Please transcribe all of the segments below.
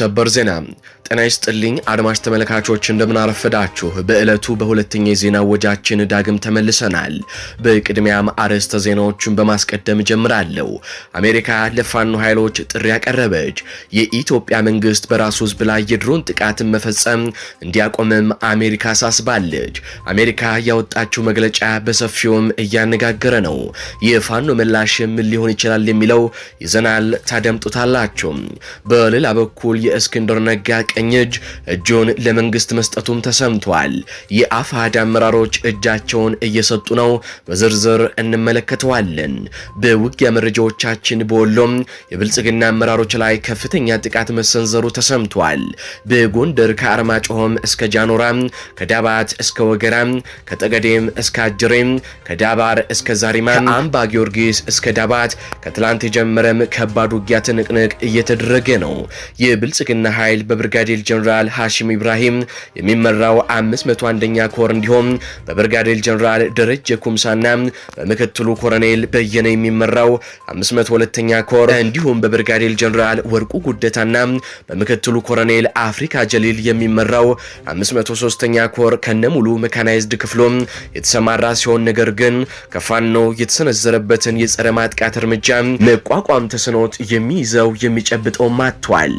ሰበር ዜና ጤና ይስጥልኝ አድማጭ ተመልካቾች፣ እንደምናረፈዳችሁ በዕለቱ በሁለተኛ የዜና ወጃችን ዳግም ተመልሰናል። በቅድሚያም አርዕስተ ዜናዎቹን በማስቀደም ጀምራለሁ። አሜሪካ ለፋኖ ኃይሎች ጥሪ ያቀረበች፣ የኢትዮጵያ መንግስት በራሱ ህዝብ ላይ የድሮን ጥቃትን መፈጸም እንዲያቆምም አሜሪካ አሳስባለች። አሜሪካ ያወጣችው መግለጫ በሰፊውም እያነጋገረ ነው። የፋኖ ምላሽ ምን ሊሆን ይችላል የሚለው ይዘናል፣ ታደምጡታላችሁ። በሌላ በኩል የእስክንድር ነጋ ቀኝ እጅ እጁን ለመንግስት መስጠቱም ተሰምቷል። የአፋሕድ አመራሮች እጃቸውን እየሰጡ ነው። በዝርዝር እንመለከተዋለን። በውጊያ መረጃዎቻችን በወሎም የብልጽግና አመራሮች ላይ ከፍተኛ ጥቃት መሰንዘሩ ተሰምቷል። በጎንደር ከአርማጭሆም እስከ ጃኖራም፣ ከዳባት እስከ ወገራም፣ ከጠገዴም እስከ አጅሬም፣ ከዳባር እስከ ዛሪማ፣ ከአምባ ጊዮርጊስ እስከ ዳባት ከትላንት የጀመረም ከባድ ውጊያ ትንቅንቅ እየተደረገ ነው። የብልጽግና ኃይል በብርጋዴር ጀኔራል ሐሺም ኢብራሂም የሚመራው 501ኛ ኮር እንዲሁም በብርጋዴር ጀኔራል ደረጀ ኩምሳና በምክትሉ ኮሎኔል በየነ የሚመራው 502ኛ ኮር እንዲሁም በብርጋዴር ጀኔራል ወርቁ ጉደታና በምክትሉ ኮሎኔል አፍሪካ ጀሊል የሚመራው 503ኛ ኮር ከነሙሉ መካናይዝድ ክፍሎም የተሰማራ ሲሆን ነገር ግን ከፋኖ የተሰነዘረበትን የጸረ ማጥቃት እርምጃ መቋቋም ተስኖት የሚይዘው የሚጨብጠው ማጥቷል።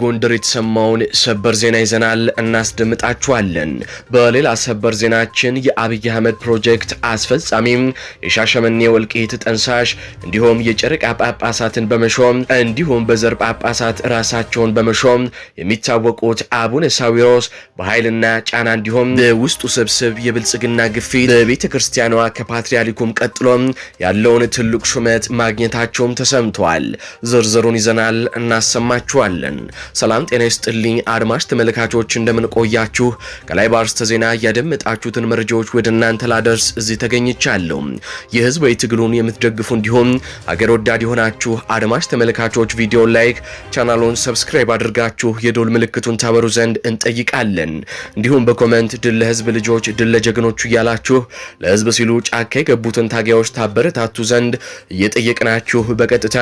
በጎንደር የተሰማውን ሰበር ዜና ይዘናል፣ እናስደምጣችኋለን። በሌላ ሰበር ዜናችን የአብይ አህመድ ፕሮጀክት አስፈጻሚም የሻሸመኔ ወልቂት ጠንሳሽ እንዲሁም የጨረቃ ጳጳሳትን በመሾም እንዲሁም በዘር ጳጳሳት ራሳቸውን በመሾም የሚታወቁት አቡነ ሳዊሮስ በኃይልና ጫና እንዲሁም በውስጡ ስብስብ የብልጽግና ግፊት በቤተ ክርስቲያኗ ከፓትርያርኩም ቀጥሎም ያለውን ትልቅ ሹመት ማግኘታቸውም ተሰምተዋል። ዝርዝሩን ይዘናል እናሰማችኋለን። ሰላም ጤና ይስጥልኝ አድማሽ ተመልካቾች እንደምንቆያችሁ ከላይ ባርስተ ዜና ያደመጣችሁትን መረጃዎች ወደ እናንተ ላደርስ እዚህ ተገኝቻለሁ። የህዝባዊ ትግሉን የምትደግፉ እንዲሁም ሀገር ወዳድ የሆናችሁ አድማሽ ተመልካቾች ቪዲዮን ላይክ፣ ቻናሉን ሰብስክራይብ አድርጋችሁ የዶል ምልክቱን ታበሩ ዘንድ እንጠይቃለን። እንዲሁም በኮመንት ድል ለህዝብ ልጆች ድል ለጀግኖቹ እያላችሁ ለህዝብ ሲሉ ጫካ የገቡትን ታጋዮች ታበረታቱ ዘንድ እየጠየቅናችሁ በቀጥታ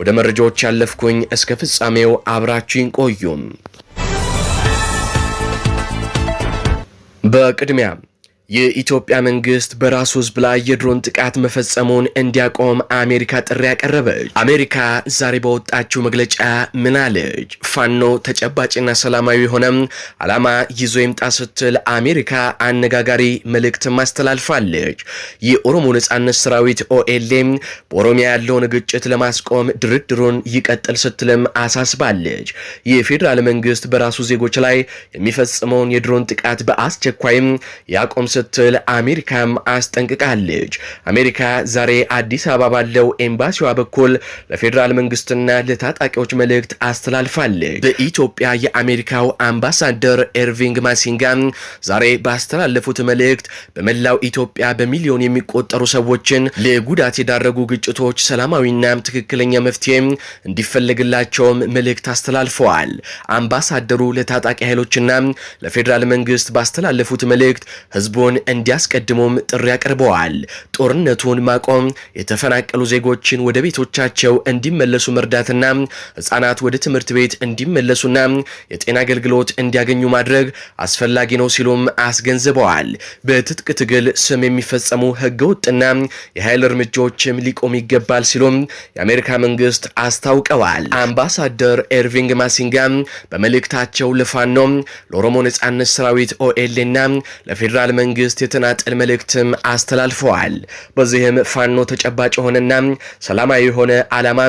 ወደ መረጃዎች ያለፍኩኝ እስከ ፍጻሜው አብራችሁ አብራችን ቆዩም። በቅድሚያ የኢትዮጵያ መንግስት በራሱ ህዝብ ላይ የድሮን ጥቃት መፈጸሙን እንዲያቆም አሜሪካ ጥሪ ያቀረበች። አሜሪካ ዛሬ በወጣችው መግለጫ ምን አለች? ፋኖ ተጨባጭና ሰላማዊ የሆነም አላማ ይዞ ይምጣ ስትል አሜሪካ አነጋጋሪ መልእክትም አስተላልፋለች። የኦሮሞ ነጻነት ሰራዊት ኦኤልኤም በኦሮሚያ ያለውን ግጭት ለማስቆም ድርድሩን ይቀጥል ስትልም አሳስባለች። የፌዴራል መንግስት በራሱ ዜጎች ላይ የሚፈጽመውን የድሮን ጥቃት በአስቸኳይም ያቆም ስትል አሜሪካም አስጠንቅቃለች። አሜሪካ ዛሬ አዲስ አበባ ባለው ኤምባሲዋ በኩል ለፌዴራል መንግስትና ለታጣቂዎች መልእክት አስተላልፋለች። በኢትዮጵያ የአሜሪካው አምባሳደር ኤርቪንግ ማሲንጋ ዛሬ ባስተላለፉት መልእክት በመላው ኢትዮጵያ በሚሊዮን የሚቆጠሩ ሰዎችን ለጉዳት የዳረጉ ግጭቶች ሰላማዊና ትክክለኛ መፍትሄ እንዲፈለግላቸውም መልእክት አስተላልፈዋል። አምባሳደሩ ለታጣቂ ኃይሎችና ለፌዴራል መንግስት ባስተላለፉት መልእክት ህዝቡን ጉዳዩን እንዲያስቀድሙም ጥሪ አቅርበዋል። ጦርነቱን ማቆም፣ የተፈናቀሉ ዜጎችን ወደ ቤቶቻቸው እንዲመለሱ መርዳትና ህጻናት ወደ ትምህርት ቤት እንዲመለሱና የጤና አገልግሎት እንዲያገኙ ማድረግ አስፈላጊ ነው ሲሉም አስገንዝበዋል። በትጥቅ ትግል ስም የሚፈጸሙ ህገወጥና የኃይል እርምጃዎችም ሊቆም ይገባል ሲሉም የአሜሪካ መንግስት አስታውቀዋል። አምባሳደር ኤርቪንግ ማሲንጋ በመልእክታቸው ነው ለኦሮሞ ነጻነት ሰራዊት ኦኤልና ለፌዴራል መንግስት መንግስት የተናጠል መልእክትም አስተላልፈዋል። በዚህም ፋኖ ተጨባጭ የሆነና ሰላማዊ የሆነ ዓላማ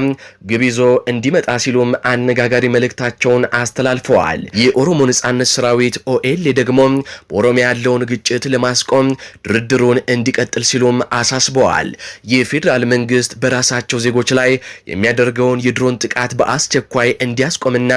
ግብ ይዞ እንዲመጣ ሲሉም አነጋጋሪ መልእክታቸውን አስተላልፈዋል። የኦሮሞ ነጻነት ሰራዊት ኦኤል ደግሞ በኦሮሚያ ያለውን ግጭት ለማስቆም ድርድሩን እንዲቀጥል ሲሉም አሳስበዋል። የፌዴራል መንግስት በራሳቸው ዜጎች ላይ የሚያደርገውን የድሮን ጥቃት በአስቸኳይ እንዲያስቆምና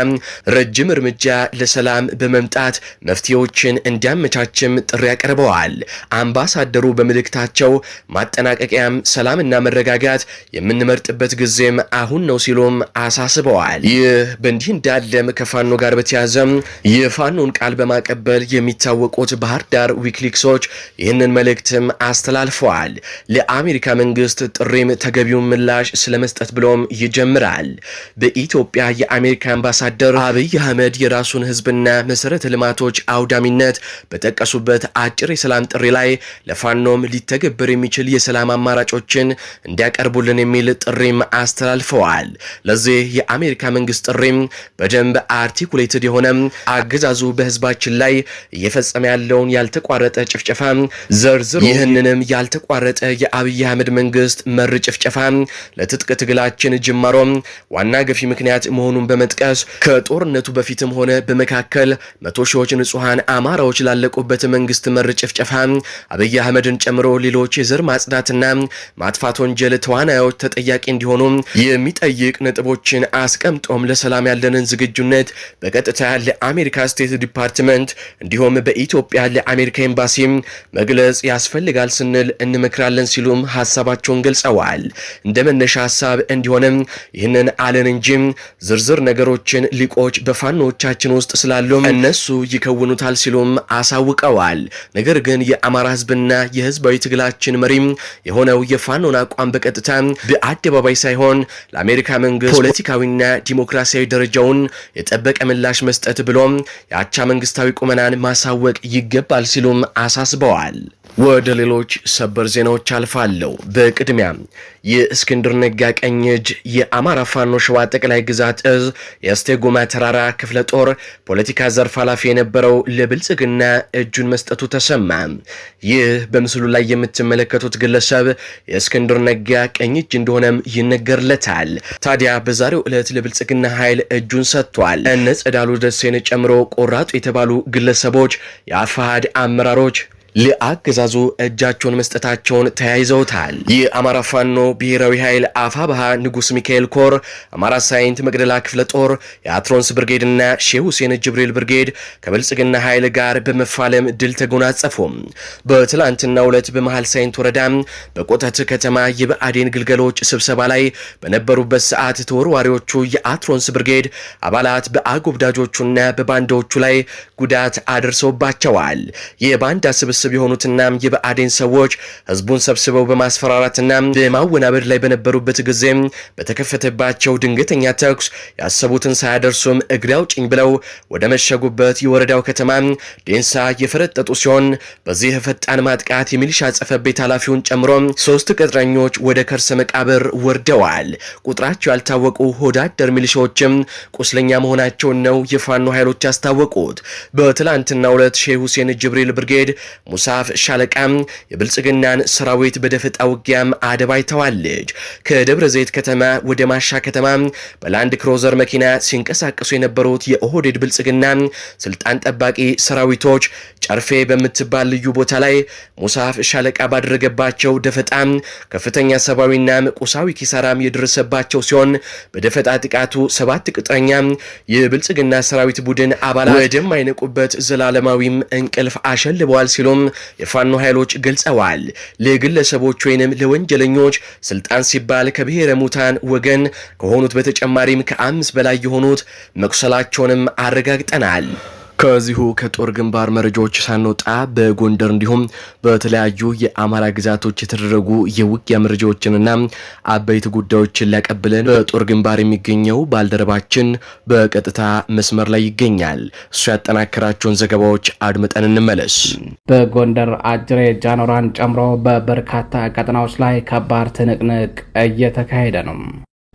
ረጅም እርምጃ ለሰላም በመምጣት መፍትሄዎችን እንዲያመቻችም ጥሪ ያቀርበዋል ብለዋል። አምባሳደሩ በመልእክታቸው ማጠናቀቂያም ሰላምና መረጋጋት የምንመርጥበት ጊዜም አሁን ነው ሲሉም አሳስበዋል። ይህ በእንዲህ እንዳለም ከፋኖ ጋር በተያዘም የፋኖን ቃል በማቀበል የሚታወቁት ባህር ዳር ዊክሊክሶች ይህንን መልእክትም አስተላልፈዋል። ለአሜሪካ መንግስት ጥሪም ተገቢውን ምላሽ ስለመስጠት ብሎም ይጀምራል። በኢትዮጵያ የአሜሪካ አምባሳደር አብይ አህመድ የራሱን ህዝብና መሰረተ ልማቶች አውዳሚነት በጠቀሱበት አጭር የሰላም ጥሪ ላይ ለፋኖም ሊተገበር የሚችል የሰላም አማራጮችን እንዲያቀርቡልን የሚል ጥሪም አስተላልፈዋል። ለዚህ የአሜሪካ መንግስት ጥሪም በደንብ አርቲኩሌትድ የሆነ አገዛዙ በህዝባችን ላይ እየፈጸመ ያለውን ያልተቋረጠ ጭፍጨፋ ዘርዝሩ ይህንንም ያልተቋረጠ የአብይ አህመድ መንግስት መር ጭፍጨፋ ለትጥቅ ትግላችን ጅማሮም ዋና ገፊ ምክንያት መሆኑን በመጥቀስ ከጦርነቱ በፊትም ሆነ በመካከል መቶ ሺዎች ንጹሐን አማራዎች ላለቁበት መንግስት መር ጭፍጨፋ ጭፍጨፋ አብይ አህመድን ጨምሮ ሌሎች የዘር ማጽዳትና ማጥፋት ወንጀል ተዋናዮች ተጠያቂ እንዲሆኑ የሚጠይቅ ነጥቦችን አስቀምጦም ለሰላም ያለንን ዝግጁነት በቀጥታ ለአሜሪካ ስቴት ዲፓርትመንት እንዲሁም በኢትዮጵያ ለአሜሪካ ኤምባሲም መግለጽ ያስፈልጋል ስንል እንመክራለን ሲሉም ሀሳባቸውን ገልጸዋል። እንደ መነሻ ሀሳብ እንዲሆንም ይህንን አለን እንጂ ዝርዝር ነገሮችን ሊቆች በፋኖቻችን ውስጥ ስላሉ እነሱ ይከውኑታል ሲሉም አሳውቀዋል። ነገር ግን የአማራ ህዝብና የህዝባዊ ትግላችን መሪ የሆነው የፋኖን አቋም በቀጥታ በአደባባይ ሳይሆን ለአሜሪካ መንግስት ፖለቲካዊና ዲሞክራሲያዊ ደረጃውን የጠበቀ ምላሽ መስጠት ብሎም የአቻ መንግስታዊ ቁመናን ማሳወቅ ይገባል ሲሉም አሳስበዋል። ወደ ሌሎች ሰበር ዜናዎች አልፋለሁ። በቅድሚያ የእስክንድር ነጋ ቀኝ እጅ የአማራ ፋኖ ሸዋ ጠቅላይ ግዛት እዝ የእስቴ ጉማ ተራራ ክፍለ ጦር ፖለቲካ ዘርፍ ኃላፊ የነበረው ለብልጽግና እጁን መስጠቱ ተሰማ። ይህ በምስሉ ላይ የምትመለከቱት ግለሰብ የእስክንድር ነጋ ቀኝ እጅ እንደሆነም ይነገርለታል። ታዲያ በዛሬው ዕለት ለብልጽግና ኃይል እጁን ሰጥቷል። እነ ጸዳሉ ደሴን ጨምሮ ቆራጡ የተባሉ ግለሰቦች የአፋሃድ አመራሮች ለአገዛዙ እጃቸውን መስጠታቸውን ተያይዘውታል። አማራ ፋኖ ብሔራዊ ኃይል አፋብሃ ንጉስ ሚካኤል ኮር አማራ ሳይንት መቅደላ ክፍለ ጦር የአትሮንስ ብርጌድና ሼህ ሁሴን ጅብሪል ብርጌድ ከብልጽግና ኃይል ጋር በመፋለም ድል ተጎናጸፉ። በትላንትና ሁለት በመሃል ሳይንት ወረዳ በቆጠት ከተማ የብአዴን ግልገሎች ስብሰባ ላይ በነበሩበት ሰዓት ተወርዋሪዎቹ የአትሮንስ ብርጌድ አባላት በአጎብዳጆቹና በባንዳዎቹ ላይ ጉዳት አድርሰውባቸዋል። የባንዳ ስብስ ውስብስብ የሆኑትና የብአዴን ሰዎች ህዝቡን ሰብስበው በማስፈራራትና በማወናበድ ላይ በነበሩበት ጊዜ በተከፈተባቸው ድንገተኛ ተኩስ ያሰቡትን ሳያደርሱም እግሬ አውጭኝ ብለው ወደ መሸጉበት የወረዳው ከተማ ዴንሳ የፈረጠጡ ሲሆን በዚህ ፈጣን ማጥቃት የሚሊሻ ጽሕፈት ቤት ኃላፊውን ጨምሮ ሶስት ቅጥረኞች ወደ ከርሰ መቃብር ወርደዋል። ቁጥራቸው ያልታወቁ ሆዳደር ሚሊሻዎችም ቁስለኛ መሆናቸውን ነው የፋኖ ኃይሎች ያስታወቁት። በትላንትና ሁለት ሼህ ሁሴን ጅብሪል ብርጌድ ሙሳፍ ሻለቃ የብልጽግናን ሰራዊት በደፈጣ ውጊያም አደባይተዋለች። ከደብረ ዘይት ከተማ ወደ ማሻ ከተማ በላንድ ክሮዘር መኪና ሲንቀሳቀሱ የነበሩት የኦህዴድ ብልጽግና ስልጣን ጠባቂ ሰራዊቶች ጨርፌ በምትባል ልዩ ቦታ ላይ ሙሳፍ ሻለቃ ባደረገባቸው ደፈጣ ከፍተኛ ሰብአዊና ቁሳዊ ኪሳራም የደረሰባቸው ሲሆን በደፈጣ ጥቃቱ ሰባት ቅጥረኛ የብልጽግና ሰራዊት ቡድን አባላት ወደማይነቁበት ዘላለማዊም እንቅልፍ አሸልበዋል ሲሉም የፋኖ ኃይሎች ገልጸዋል። ለግለሰቦች ወይንም ለወንጀለኞች ስልጣን ሲባል ከብሔረ ሙታን ወገን ከሆኑት በተጨማሪም ከአምስት በላይ የሆኑት መቁሰላቸውንም አረጋግጠናል። ከዚሁ ከጦር ግንባር መረጃዎች ሳንወጣ በጎንደር እንዲሁም በተለያዩ የአማራ ግዛቶች የተደረጉ የውጊያ መረጃዎችንና አበይት ጉዳዮችን ሊያቀብለን በጦር ግንባር የሚገኘው ባልደረባችን በቀጥታ መስመር ላይ ይገኛል። እሱ ያጠናከራቸውን ዘገባዎች አድምጠን እንመለስ። በጎንደር አጅሬ ጃኖራን ጨምሮ በበርካታ ቀጠናዎች ላይ ከባድ ትንቅንቅ እየተካሄደ ነው።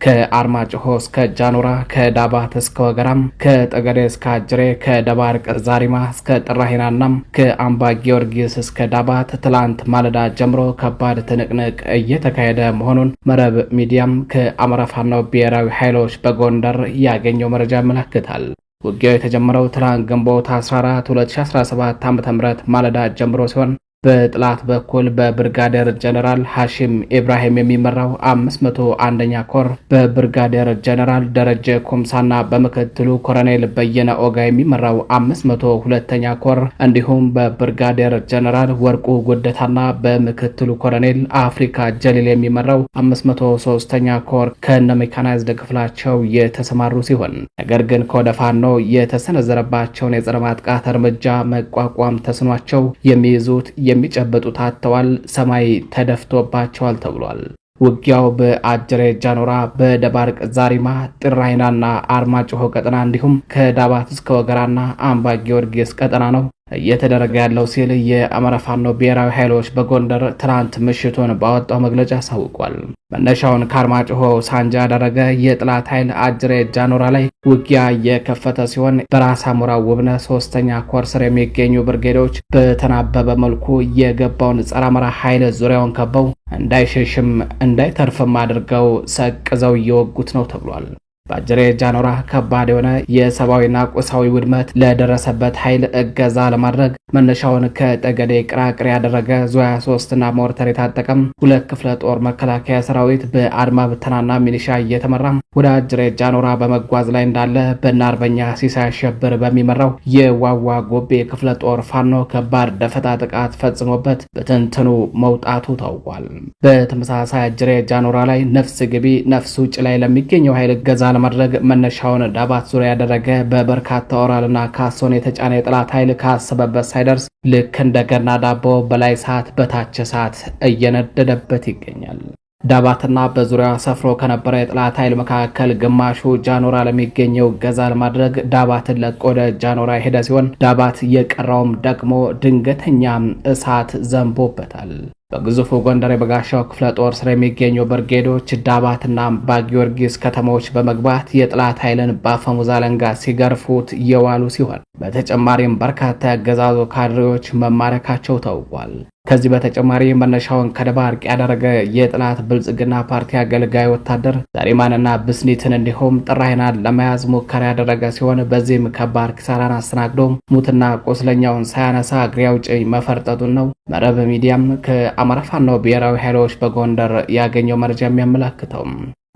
ከአርማጭሆ እስከ ጃኖራ፣ ከዳባት እስከ ወገራም፣ ከጠገዴ እስከ አጅሬ፣ ከደባርቅ ዛሪማ እስከ ጥራሂናናም፣ ከአምባ ጊዮርጊስ እስከ ዳባት ትላንት ማለዳ ጀምሮ ከባድ ትንቅንቅ እየተካሄደ መሆኑን መረብ ሚዲያም ከአማራ ፋኖ ብሔራዊ ኃይሎች በጎንደር ያገኘው መረጃ ያመለክታል። ውጊያው የተጀመረው ትላንት ግንቦት 14 2017 ዓ.ም ማለዳ ጀምሮ ሲሆን በጥላት በኩል በብርጋዴር ጀነራል ሐሺም ኢብራሂም የሚመራው አምስት መቶ አንደኛ ኮር በብርጋዴር ጀነራል ደረጀ ኩምሳና በምክትሉ ኮሎኔል በየነ ኦጋ የሚመራው አምስት መቶ ሁለተኛ ኮር እንዲሁም በብርጋዴር ጀነራል ወርቁ ጉደታና በምክትሉ ኮሎኔል አፍሪካ ጀሊል የሚመራው አምስት መቶ ሶስተኛ ኮር ከነ ሜካናይዝድ ክፍላቸው የተሰማሩ ሲሆን ነገር ግን ከወደ ፋኖ የተሰነዘረባቸውን የጸረ ማጥቃት እርምጃ መቋቋም ተስኗቸው የሚይዙት የሚጨበጡ ታተዋል ሰማይ ተደፍቶባቸዋል ተብሏል። ውጊያው በአጀሬ ጃኖራ፣ በደባርቅ ዛሪማ፣ ጥራይናና አርማጭሆ ቀጠና እንዲሁም ከዳባት እስከ ወገራና አምባ ጊዮርጊስ ቀጠና ነው እየተደረገ ያለው ሲል የአማራ ፋኖ ብሔራዊ ኃይሎች በጎንደር ትናንት ምሽቱን ባወጣው መግለጫ አሳውቋል። መነሻውን ከአርማጭሆ ሳንጃ ያደረገ የጥላት ኃይል አጅሬ ጃኖራ ላይ ውጊያ የከፈተ ሲሆን በራስ አሞራ ውብነ ሶስተኛ ኮርስር የሚገኙ ብርጌዶች በተናበበ መልኩ የገባውን ጸረ አማራ ኃይል ዙሪያውን ከበው እንዳይሸሽም እንዳይተርፍም አድርገው ሰቅዘው እየወጉት ነው ተብሏል። በአጀሬ ጃኖራ ከባድ የሆነ የሰብአዊና ቁሳዊ ውድመት ለደረሰበት ኃይል እገዛ ለማድረግ መነሻውን ከጠገዴ ቅራቅር ያደረገ ዙያ ሶስትና ና ሞርተር የታጠቀም ሁለት ክፍለ ጦር መከላከያ ሰራዊት በአድማ ብተናና ሚሊሻ እየተመራ ወደ አጅሬ ጃኖራ በመጓዝ ላይ እንዳለ በና አርበኛ ሲሳይ አሸብር በሚመራው የዋዋ ጎቤ ክፍለ ጦር ፋኖ ከባድ ደፈጣ ጥቃት ፈጽሞበት በትንትኑ መውጣቱ ታውቋል። በተመሳሳይ አጅሬ ጃኖራ ላይ ነፍስ ግቢ ነፍስ ውጭ ላይ ለሚገኘው ኃይል እገዛ ለማድረግ መነሻውን ዳባት ዙሪያ ያደረገ በበርካታ ኦራልና ካሶን የተጫነ የጠላት ኃይል ካሰበበት ሳይደርስ ልክ እንደገና ዳቦ በላይ ሰዓት በታች ሰዓት እየነደደበት ይገኛል። ዳባትና በዙሪያዋ ሰፍሮ ከነበረ የጠላት ኃይል መካከል ግማሹ ጃኖራ ለሚገኘው ገዛ ለማድረግ ዳባትን ለቆ ወደ ጃኖራ የሄደ ሲሆን ዳባት የቀረውም ደግሞ ድንገተኛ እሳት ዘንቦበታል። በግዙፉ ጎንደር የበጋሻው ክፍለ ጦር ስር የሚገኙ ብርጌዶች ዳባትና አምባ ጊዮርጊስ ከተማዎች በመግባት የጥላት ኃይልን በአፈሙዝ አለንጋ ሲገርፉት እየዋሉ ሲሆን በተጨማሪም በርካታ ያገዛዙ ካድሬዎች መማረካቸው ታውቋል። ከዚህ በተጨማሪ መነሻውን ከደባርቅ ያደረገ የጥላት ብልጽግና ፓርቲ አገልጋይ ወታደር ዛሪማንና ብስኒትን እንዲሁም ጥራይናን ለመያዝ ሙከራ ያደረገ ሲሆን በዚህም ከባድ ኪሳራን አስተናግዶ ሙትና ቁስለኛውን ሳያነሳ እግሬ አውጭኝ መፈርጠጡን ነው መረብ ሚዲያም ከአማራ ፋኖ ብሔራዊ ኃይሎች በጎንደር ያገኘው መረጃ የሚያመላክተው።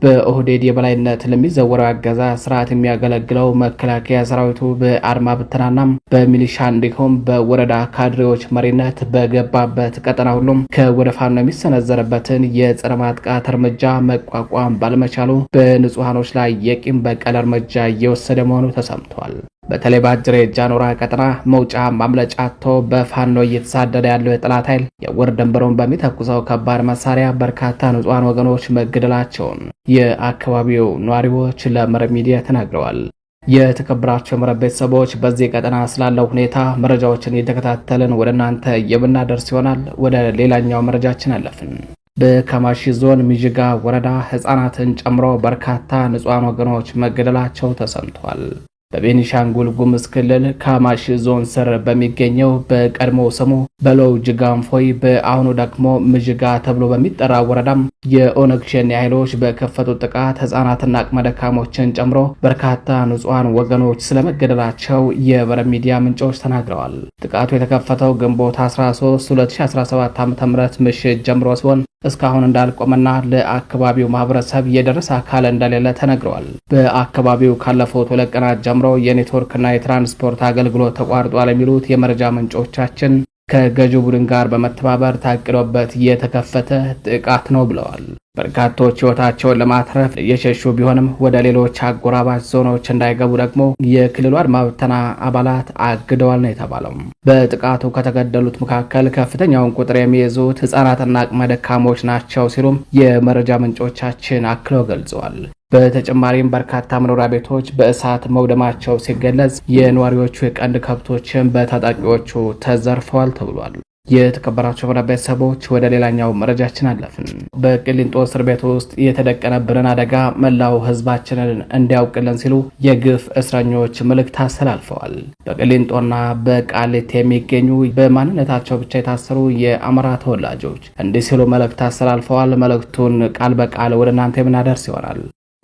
በኦህዴድ የበላይነት ለሚዘወረው አገዛ ስርዓት የሚያገለግለው መከላከያ ሰራዊቱ በአድማ ብትናና በሚሊሻ እንዲሁም በወረዳ ካድሬዎች መሪነት በገባበት ቀጠና ሁሉም ከወደ ፋኖ የሚሰነዘርበትን የጸረ ማጥቃት እርምጃ መቋቋም ባለመቻሉ በንጹሐኖች ላይ የቂም በቀል እርምጃ እየወሰደ መሆኑ ተሰምቷል። በተለይ በአጅሬ ጃኖራ ቀጠና መውጫ ማምለጫ አጥቶ በፋኖ እየተሳደደ ያለው የጠላት ኃይል የወር ደንበሩን በሚተኩሰው ከባድ መሳሪያ በርካታ ንጹሐን ወገኖች መገደላቸውን የአካባቢው ነዋሪዎች ለመረብ ሚዲያ ተናግረዋል። የተከበራቸው የመረብ ቤተሰቦች በዚህ ቀጠና ስላለው ሁኔታ መረጃዎችን እየተከታተልን ወደ እናንተ የምናደርስ ይሆናል። ወደ ሌላኛው መረጃችን አለፍን። በካማሺ ዞን ሚዥጋ ወረዳ ህፃናትን ጨምሮ በርካታ ንጹሐን ወገኖች መገደላቸው ተሰምቷል። በቤኒሻንጉል ጉምዝ ክልል ካማሽ ዞን ስር በሚገኘው በቀድሞ ስሙ በሎው ጅጋንፎይ በአሁኑ ደግሞ ምዥጋ ተብሎ በሚጠራ ወረዳም የኦነግ ሸኔ ኃይሎች በከፈቱ ጥቃት ሕጻናትና አቅመ ደካሞችን ጨምሮ በርካታ ንጹሐን ወገኖች ስለመገደላቸው የበረ ሚዲያ ምንጮች ተናግረዋል። ጥቃቱ የተከፈተው ግንቦት 13 2017 ዓ ም ምሽት ጀምሮ ሲሆን እስካሁን እንዳልቆመና ለአካባቢው ማህበረሰብ የደረሰ አካል እንደሌለ ተነግረዋል። በአካባቢው ካለፉት ሁለት ቀናት ጀምሮ የኔትወርክና የትራንስፖርት አገልግሎት ተቋርጧል የሚሉት የመረጃ ምንጮቻችን ከገዢው ቡድን ጋር በመተባበር ታቅዶበት የተከፈተ ጥቃት ነው ብለዋል። በርካቶች ህይወታቸውን ለማትረፍ እየሸሹ ቢሆንም ወደ ሌሎች አጎራባች ዞኖች እንዳይገቡ ደግሞ የክልሉ አድማ ብተና አባላት አግደዋል ነው የተባለው። በጥቃቱ ከተገደሉት መካከል ከፍተኛውን ቁጥር የሚይዙት ህጻናትና አቅመ ደካሞች ናቸው ሲሉም የመረጃ ምንጮቻችን አክለው ገልጸዋል። በተጨማሪም በርካታ መኖሪያ ቤቶች በእሳት መውደማቸው ሲገለጽ የነዋሪዎቹ የቀንድ ከብቶችን በታጣቂዎቹ ተዘርፈዋል ተብሏል። የተከበራቸው ወደ ቤተሰቦች ወደ ሌላኛው መረጃችን አለፍን። በቅሊንጦ እስር ቤት ውስጥ የተደቀነብንን አደጋ መላው ሕዝባችንን እንዲያውቅልን ሲሉ የግፍ እስረኞች መልእክት አስተላልፈዋል። በቅሊንጦና በቃሊት የሚገኙ በማንነታቸው ብቻ የታሰሩ የአማራ ተወላጆች እንዲህ ሲሉ መልእክት አስተላልፈዋል። መልእክቱን ቃል በቃል ወደ እናንተ የምናደርስ ይሆናል።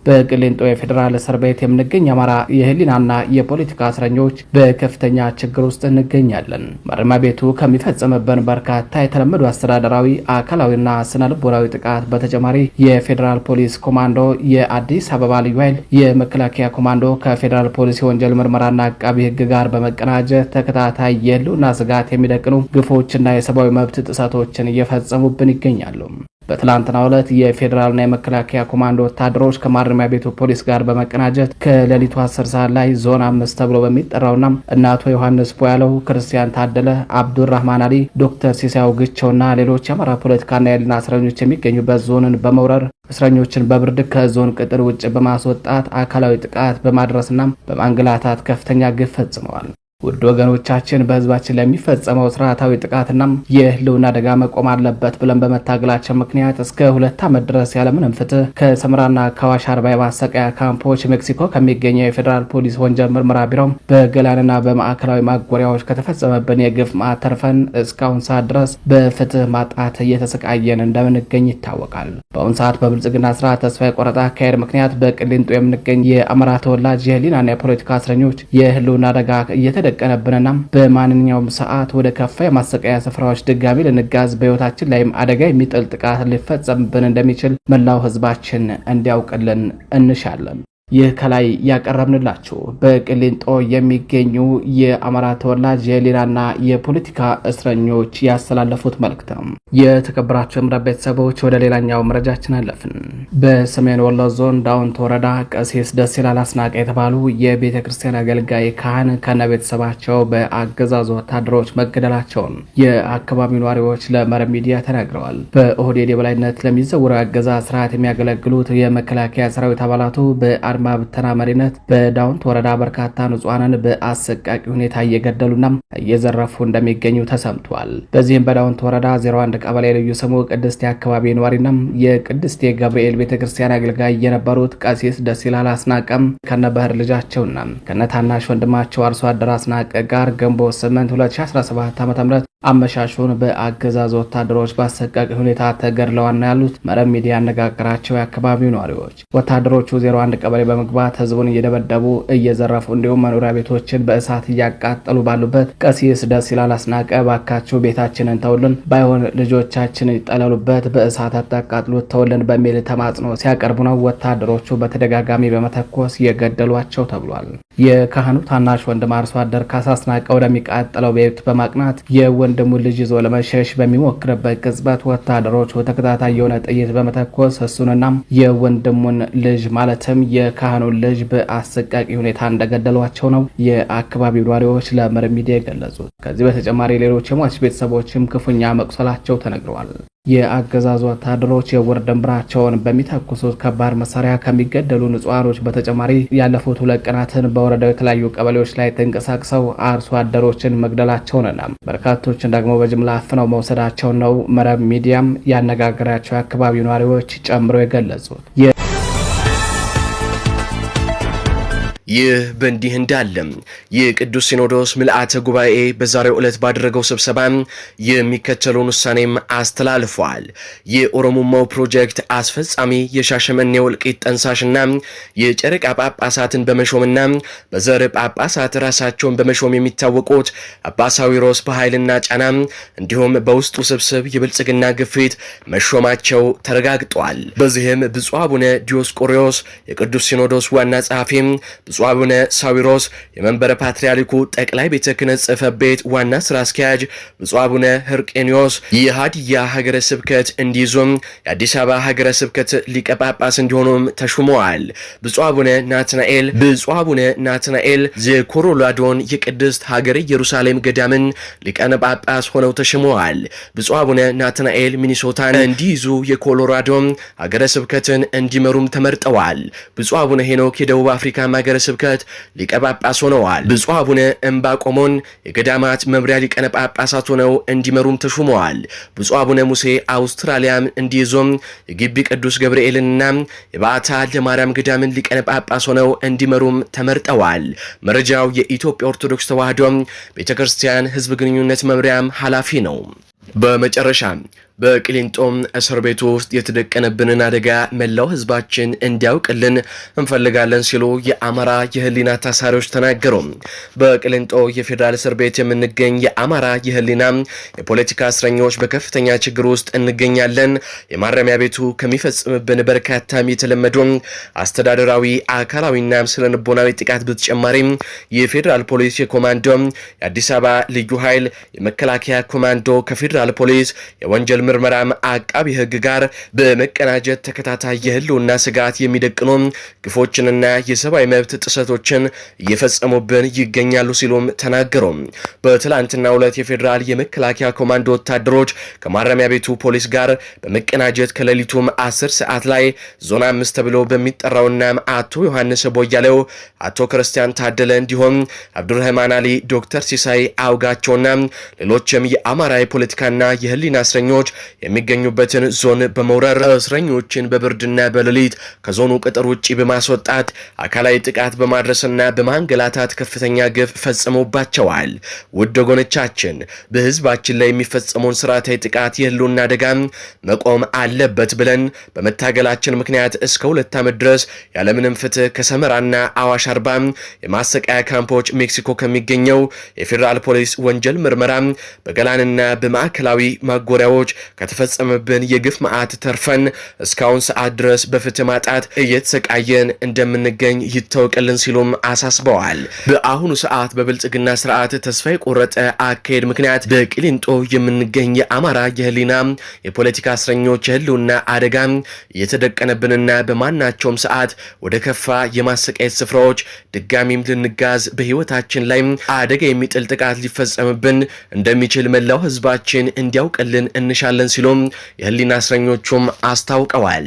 በቅሊንጦ የፌዴራል እስር ቤት የምንገኝ የአማራ የህሊናና የፖለቲካ እስረኞች በከፍተኛ ችግር ውስጥ እንገኛለን። ማረሚያ ቤቱ ከሚፈጸምብን በርካታ የተለመዱ አስተዳደራዊ፣ አካላዊና ስነ ልቦናዊ ጥቃት በተጨማሪ የፌዴራል ፖሊስ ኮማንዶ፣ የአዲስ አበባ ልዩ ኃይል፣ የመከላከያ ኮማንዶ ከፌዴራል ፖሊስ የወንጀል ምርመራና አቃቢ ህግ ጋር በመቀናጀት ተከታታይ የህልውና ስጋት የሚደቅኑ ግፎችና የሰብአዊ መብት ጥሰቶችን እየፈጸሙብን ይገኛሉ። በትላንትናው ዕለት የፌዴራልና የመከላከያ ኮማንዶ ወታደሮች ከማረሚያ ቤቱ ፖሊስ ጋር በመቀናጀት ከሌሊቱ አስር ሰዓት ላይ ዞን አምስት ተብሎ በሚጠራውና እናቶ ዮሐንስ ቦያለው፣ ክርስቲያን ታደለ፣ አብዱራህማን አሊ፣ ዶክተር ሲሳያው ግቸውና ሌሎች የአማራ ፖለቲካና የልና እስረኞች የሚገኙበት ዞንን በመውረር እስረኞችን በብርድ ከዞን ቅጥር ውጭ በማስወጣት አካላዊ ጥቃት በማድረስና በማንገላታት ከፍተኛ ግፍ ፈጽመዋል። ውድ ወገኖቻችን በህዝባችን ለሚፈጸመው ስርዓታዊ ጥቃትና የህልውና አደጋ መቆም አለበት ብለን በመታገላቸው ምክንያት እስከ ሁለት ዓመት ድረስ ያለምንም ፍትህ ከሰምራና ከአዋሽ አርባ የማሰቃያ ካምፖች ሜክሲኮ ከሚገኘው የፌዴራል ፖሊስ ወንጀል ምርመራ ቢሮ በገላንና በማዕከላዊ ማጎሪያዎች ከተፈጸመብን የግፍ ማተርፈን እስካሁን ሰዓት ድረስ በፍትህ ማጣት እየተሰቃየን እንደምንገኝ ይታወቃል። በአሁኑ ሰዓት በብልጽግና ስርዓት ተስፋ የቆረጠ አካሄድ ምክንያት በቅሊንጦ የምንገኝ የአማራ ተወላጅ የህሊናና የፖለቲካ እስረኞች የህልውና አደጋ እየተደ እንደደቀነብንና በማንኛውም ሰዓት ወደ ከፋ የማሰቃያ ስፍራዎች ድጋሚ ልንጋዝ በህይወታችን ላይም አደጋ የሚጥል ጥቃት ሊፈጸምብን እንደሚችል መላው ህዝባችን እንዲያውቅልን እንሻለን። ይህ ከላይ ያቀረብንላችሁ በቅሊንጦ የሚገኙ የአማራ ተወላጅ የሌላና የፖለቲካ እስረኞች ያስተላለፉት መልእክት ነው። የተከበራችሁ የምረት ቤተሰቦች ወደ ሌላኛው መረጃችን አለፍን። በሰሜን ወሎ ዞን ዳውንት ወረዳ ቀሲስ ደስ ይላል አስናቀ የተባሉ የቤተ ክርስቲያን አገልጋይ ካህን ከነ ቤተሰባቸው በአገዛዙ ወታደሮች መገደላቸውን የአካባቢው ነዋሪዎች ለመረብ ሚዲያ ተናግረዋል። በኦህዴድ የበላይነት ለሚዘውረው አገዛዝ ስርዓት የሚያገለግሉት የመከላከያ ሰራዊት አባላቱ በአ አድማ ብተና መሪነት በዳውንት ወረዳ በርካታ ንጹሐንን በአሰቃቂ ሁኔታ እየገደሉና እየዘረፉ እንደሚገኙ ተሰምቷል። በዚህም በዳውንት ወረዳ 01 ቀበሌ ልዩ ስሙ ቅድስቴ አካባቢ ነዋሪና የቅድስቴ ገብርኤል ቤተክርስቲያን አገልጋይ የነበሩት ቀሲስ ደሲላል አስናቀም ከነበህር ልጃቸውና ከነታናሽ ወንድማቸው አርሶ አደር አስናቀ ጋር ግንቦት 8 2017 ዓ ም አመሻሹን በአገዛዝ ወታደሮች በአሰቃቂ ሁኔታ ተገድለዋል ነው ያሉት መረብ ሚዲያ ያነጋገራቸው የአካባቢው ነዋሪዎች። ወታደሮቹ 01 ቀበሌ በመግባት ህዝቡን እየደበደቡ እየዘረፉ እንዲሁም መኖሪያ ቤቶችን በእሳት እያቃጠሉ ባሉበት ቀሲስ ደስ ይላል አስናቀ ባካችሁ ቤታችንን ተውልን፣ ባይሆን ልጆቻችን ይጠለሉበት፣ በእሳት አታቃጥሉ፣ ተውልን በሚል ተማጽኖ ሲያቀርቡ ነው ወታደሮቹ በተደጋጋሚ በመተኮስ የገደሏቸው ተብሏል። የካህኑ ታናሽ ወንድም አርሶ አደር ካሳ አስናቀ ወደሚቃጠለው ቤት በማቅናት የወንድሙ ልጅ ይዞ ለመሸሽ በሚሞክርበት ቅጽበት ወታደሮቹ ተከታታይ የሆነ ጥይት በመተኮስ እሱንና የወንድሙን ልጅ ማለትም የ የካህኑን ልጅ በአሰቃቂ ሁኔታ እንደገደሏቸው ነው የአካባቢው ነዋሪዎች ለመረብ ሚዲያ የገለጹት። ከዚህ በተጨማሪ ሌሎች የሟች ቤተሰቦችም ክፉኛ መቁሰላቸው ተነግረዋል። የአገዛዙ ወታደሮች የውር ድንብራቸውን በሚተኩሱት ከባድ መሳሪያ ከሚገደሉ ንጹሃኖች በተጨማሪ ያለፉት ሁለት ቀናትን በወረዳው የተለያዩ ቀበሌዎች ላይ ተንቀሳቅሰው አርሶ አደሮችን መግደላቸውንና በርካቶችን ደግሞ በጅምላ አፍነው መውሰዳቸውን ነው መረብ ሚዲያም ያነጋገራቸው የአካባቢው ነዋሪዎች ጨምሮ የገለጹት። ይህ በእንዲህ እንዳለ የቅዱስ ሲኖዶስ ምልአተ ጉባኤ በዛሬው ዕለት ባደረገው ስብሰባ የሚከተለውን ውሳኔም አስተላልፏል። የኦሮሞማው ፕሮጀክት አስፈጻሚ የሻሸመኔ እልቂት ጠንሳሽና የጨረቃ ጳጳሳትን በመሾምና በዘር ጳጳሳት ራሳቸውን በመሾም የሚታወቁት አባ ሳዊሮስ በኃይልና ጫና እንዲሁም በውስጡ ስብስብ የብልጽግና ግፊት መሾማቸው ተረጋግጧል። በዚህም ብፁዕ አቡነ ዲዮስቆሪዎስ የቅዱስ ሲኖዶስ ዋና ጸሐፊ ብፁዕ አቡነ ሳዊሮስ የመንበረ ፓትርያርኩ ጠቅላይ ቤተ ክህነት ጽሕፈት ቤት ዋና ስራ አስኪያጅ ብፁዕ አቡነ ህርቄኒዮስ የሀዲያ ሀገረ ስብከት እንዲይዙም የአዲስ አበባ ሀገረ ስብከት ሊቀ ጳጳስ እንዲሆኑም ተሹመዋል። ብፁዕ አቡነ ናትናኤል ብፁዕ አቡነ ናትናኤል ዘኮሮላዶን የቅድስት ሀገረ ኢየሩሳሌም ገዳምን ሊቀነ ጳጳስ ሆነው ተሽመዋል። ብፁዕ አቡነ ናትናኤል ሚኒሶታን እንዲይዙ የኮሎራዶ ሀገረ ስብከትን እንዲመሩም ተመርጠዋል። ብፁዕ አቡነ ሄኖክ የደቡብ አፍሪካ ሀገረ ስብከት ሊቀ ጳጳስ ሆነዋል። ብፁዕ አቡነ እምባቆሞን የገዳማት መምሪያ ሊቀነ ጳጳሳት ሆነው እንዲመሩም ተሹመዋል። ብፁዕ አቡነ ሙሴ አውስትራሊያም እንዲይዞም የግቢ ቅዱስ ገብርኤልንና የባዕታ ለማርያም ገዳምን ሊቀነ ጳጳስ ሆነው እንዲመሩም ተመርጠዋል። መረጃው የኢትዮጵያ ኦርቶዶክስ ተዋሕዶ ቤተ ክርስቲያን ግንኙነት መምሪያም ኃላፊ ነው። በመጨረሻ በቅሊንጦም እስር ቤቱ ውስጥ የተደቀነብንን አደጋ መላው ህዝባችን እንዲያውቅልን እንፈልጋለን ሲሉ የአማራ የህሊና ታሳሪዎች ተናገሩ። በቅሊንጦ የፌዴራል እስር ቤት የምንገኝ የአማራ የህሊና የፖለቲካ እስረኞች በከፍተኛ ችግር ውስጥ እንገኛለን። የማረሚያ ቤቱ ከሚፈጽምብን በርካታም የተለመዱ አስተዳደራዊ፣ አካላዊና ስነልቦናዊ ጥቃት በተጨማሪ የፌዴራል ፖሊስ የኮማንዶ፣ የአዲስ አበባ ልዩ ኃይል፣ የመከላከያ ኮማንዶ ከፌዴራል ፖሊስ የወንጀል ምርመራም አቃቢ ህግ ጋር በመቀናጀት ተከታታይ የህልውና ስጋት የሚደቅኑ ግፎችንና የሰብአዊ መብት ጥሰቶችን እየፈጸሙብን ይገኛሉ ሲሉም ተናገሩ። በትላንትናው ዕለት የፌዴራል የመከላከያ ኮማንዶ ወታደሮች ከማረሚያ ቤቱ ፖሊስ ጋር በመቀናጀት ከሌሊቱም 10 ሰዓት ላይ ዞን አምስት ተብሎ በሚጠራውና አቶ ዮሐንስ ቦያለው፣ አቶ ክርስቲያን ታደለ እንዲሁም አብዱራህማን አሊ፣ ዶክተር ሲሳይ አውጋቸውና ሌሎችም የአማራ የፖለቲካና የህሊና እስረኞች የሚገኙበትን ዞን በመውረር እስረኞችን በብርድና በሌሊት ከዞኑ ቅጥር ውጭ በማስወጣት አካላዊ ጥቃት በማድረስና በማንገላታት ከፍተኛ ግፍ ፈጽሞባቸዋል። ውድ ወገኖቻችን በህዝባችን ላይ የሚፈጸመውን ስርዓታዊ ጥቃት የህልውና አደጋ መቆም አለበት ብለን በመታገላችን ምክንያት እስከ ሁለት ዓመት ድረስ ያለምንም ፍትህ ከሰመራና አዋሽ አርባ የማሰቃያ ካምፖች ሜክሲኮ ከሚገኘው የፌዴራል ፖሊስ ወንጀል ምርመራ በገላንና በማዕከላዊ ማጎሪያዎች ከተፈጸመብን የግፍ መዓት ተርፈን እስካሁን ሰዓት ድረስ በፍትህ ማጣት እየተሰቃየን እንደምንገኝ ይታወቅልን ሲሉም አሳስበዋል። በአሁኑ ሰዓት በብልጽግና ስርዓት ተስፋ የቆረጠ አካሄድ ምክንያት በቅሊንጦ የምንገኝ የአማራ የህሊና የፖለቲካ እስረኞች የህልውና አደጋ እየተደቀነብንና በማናቸውም ሰዓት ወደ ከፋ የማሰቃየት ስፍራዎች ድጋሚም ልንጋዝ በህይወታችን ላይ አደጋ የሚጥል ጥቃት ሊፈጸምብን እንደሚችል መላው ህዝባችን እንዲያውቅልን እንሻለን እንሰራለን ሲሉም የህሊና እስረኞቹም አስታውቀዋል።